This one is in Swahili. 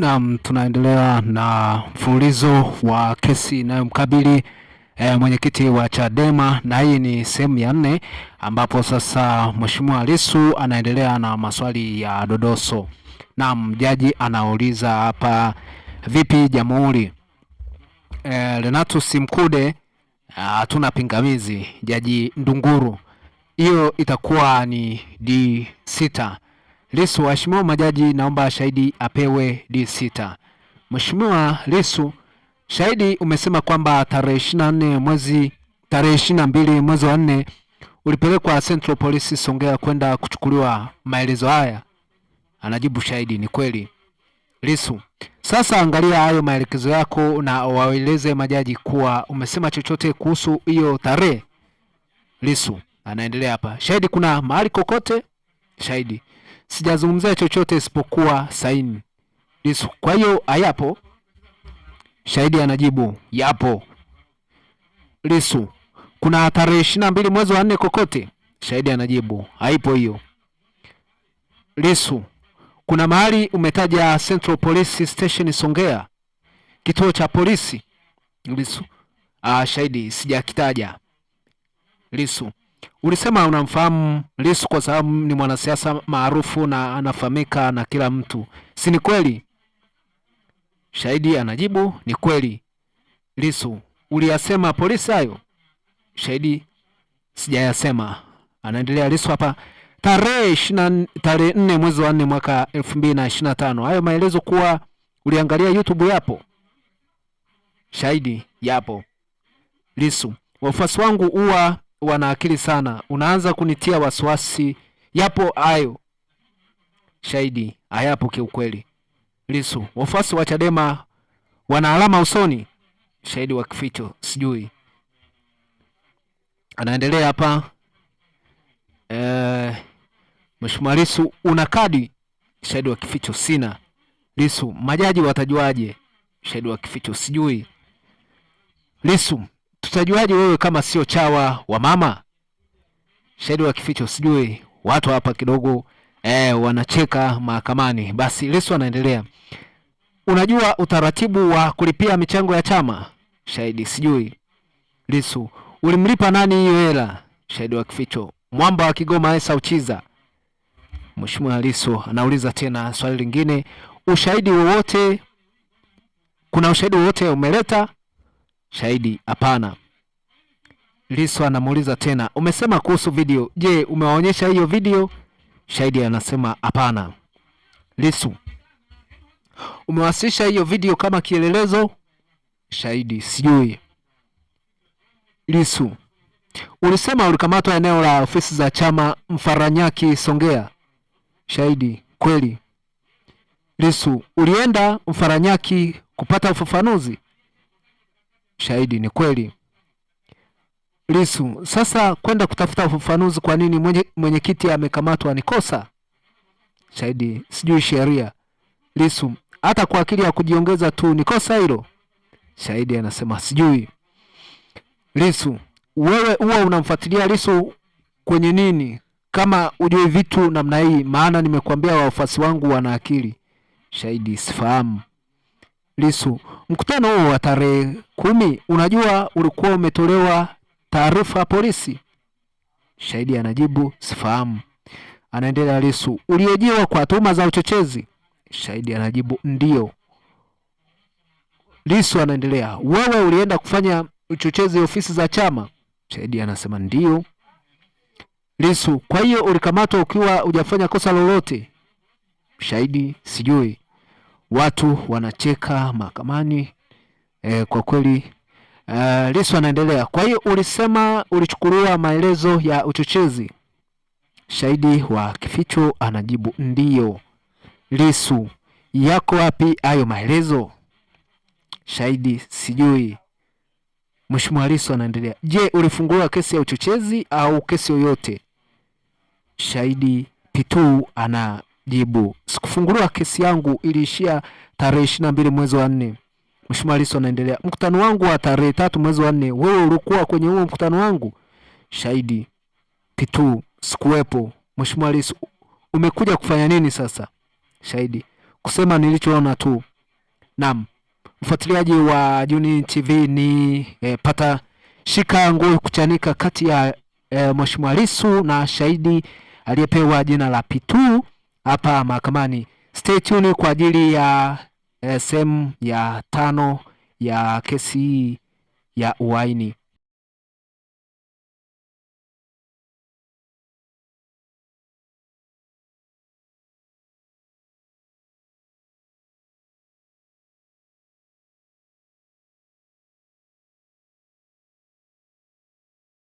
Naam, tunaendelea na mfululizo wa kesi inayomkabili e, mwenyekiti wa Chadema na hii ni sehemu ya nne ambapo sasa Mheshimiwa Lissu anaendelea na maswali ya dodoso. Naam, jaji anauliza hapa, vipi jamhuri? E, eh, Renato Simkude, hatuna pingamizi. Jaji Ndunguru, hiyo itakuwa ni D6. Lissu, waheshimiwa majaji, naomba shahidi apewe D6. Mheshimiwa Lissu, shahidi umesema kwamba tarehe 24 mwezi tarehe 22 mwezi wa 4 ulipelekwa Central Police Songea kwenda kuchukuliwa maelezo haya. Anajibu shahidi, ni kweli. Lissu, sasa angalia hayo maelekezo yako na waeleze majaji kuwa umesema chochote kuhusu hiyo tarehe. Lissu anaendelea hapa, shahidi, kuna mahali kokote? Shahidi, sijazungumzia chochote isipokuwa saini. Kwa hiyo hayapo? Shahidi anajibu yapo. Lisu, kuna tarehe ishirini na mbili mwezi wa nne kokote? Shahidi anajibu haipo hiyo. Lisu, kuna mahali umetaja Central Police Station Songea, kituo cha polisi? Lisu, ah, shahidi sijakitaja. Lisu, Ulisema unamfahamu Lissu kwa sababu ni mwanasiasa maarufu na anafahamika na kila mtu, si ni kweli? Shahidi anajibu ni kweli. Lissu, uliyasema polisi hayo? Shahidi, sijayasema. Anaendelea Lissu hapa tarehe tarehe nne mwezi wa nne mwaka elfu mbili na ishirini na tano. Hayo maelezo kuwa uliangalia YouTube yapo? Shahidi, yapo. Lissu, wafuasi wangu huwa wana akili sana, unaanza kunitia wasiwasi. Yapo hayo shahidi, hayapo kiukweli. Lisu, wafuasi wa Chadema wana alama usoni. Shahidi wa kificho, sijui. Anaendelea hapa e, Mheshimiwa Lisu, una kadi? Shahidi wa kificho, sina. Lisu, majaji watajuaje? Shahidi wa kificho, sijui. Lisu, tutajuaje wewe kama sio chawa wa mama? Shahidi wa kificho sijui, watu hapa kidogo eh, wanacheka mahakamani. Basi Lissu anaendelea, unajua utaratibu wa kulipia michango ya chama? Shahidi sijui. Lissu, ulimlipa nani hiyo hela? Shahidi wa kificho, mwamba wa Kigoma Esa Uchiza. Mheshimiwa Lissu anauliza tena swali lingine, ushahidi wowote, kuna ushahidi wowote umeleta? Shahidi: hapana. Lissu anamuuliza tena, umesema kuhusu video, je, umewaonyesha hiyo video? Shahidi anasema hapana. Lissu: umewasilisha hiyo video kama kielelezo? Shahidi: sijui. Lissu: ulisema ulikamatwa eneo la ofisi za chama Mfaranyaki, Songea? Shahidi: kweli. Lissu: ulienda Mfaranyaki kupata ufafanuzi? shahidi, ni kweli. Lisu sasa kwenda kutafuta ufafanuzi, kwa nini mwenyekiti amekamatwa ni kosa? Shahidi sijui sheria. Lisu hata kwa akili ya kujiongeza tu ni kosa hilo? Shahidi anasema sijui. Lisu wewe huwa unamfuatilia Lisu kwenye nini kama ujue vitu namna hii? Maana nimekuambia wafuasi wangu wana akili. Shahidi sifahamu. Lisu. Mkutano huo wa tarehe kumi, unajua ulikuwa umetolewa taarifa polisi? Shahidi anajibu sifahamu. Anaendelea Lisu, uliojiwa kwa tuhuma za uchochezi? Shahidi anajibu ndio. Lisu anaendelea, wewe ulienda kufanya uchochezi ofisi za chama? Shahidi anasema ndio. Lisu, kwa hiyo ulikamatwa ukiwa hujafanya kosa lolote? Shahidi, sijui watu wanacheka mahakamani. E, kwa kweli e, Lissu anaendelea. Kwa hiyo ulisema ulichukuliwa maelezo ya uchochezi? Shahidi wa kificho anajibu ndiyo. Lissu, yako wapi hayo maelezo? Shahidi, sijui. Mheshimiwa Lissu anaendelea, je, ulifungua kesi ya uchochezi au kesi yoyote? Shahidi Pitu ana jibu. Sikufungulia kesi yangu iliishia tarehe ishirini na mbili mwezi wa nne. Mheshimiwa Lissu anaendelea, mkutano wangu wa tarehe tatu mwezi wa nne, wewe ulikuwa kwenye huo mkutano wangu? Shahidi Pitu, sikuwepo. Mheshimiwa Lissu, umekuja kufanya nini sasa? Shahidi, kusema nilichoona tu. Naam, mfuatiliaji wa Junii TV ni eh, pata shika nguo kuchanika kati ya eh, Mheshimiwa Lissu na shahidi aliyepewa jina la Pitu hapa mahakamani. Stay tuned kwa ajili ya eh, sehemu ya tano ya kesi hii ya uhaini.